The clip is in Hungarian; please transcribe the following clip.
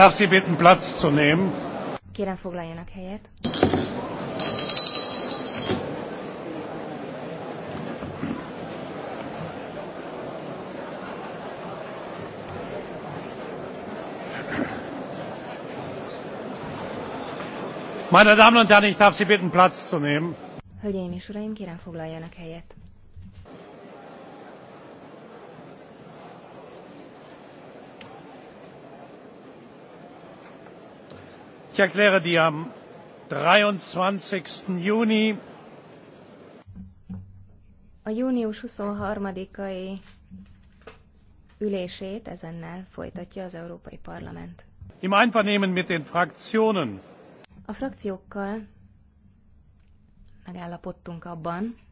Darf Sie bitten, Platz zu nehmen? Kérem foglaljanak helyet. Meine Damen und Herren, ich darf Sie bitten, Platz zu nehmen. Hölgyeim és uraim, kérem foglaljanak helyet. erkläre die am. dreiundzwanzig juni a június 23-ai ülését ezennel folytatja az Európai Parlament. Im Einvernehmen mit den Fraktionen. A frakciókkal megállapodtunk abban,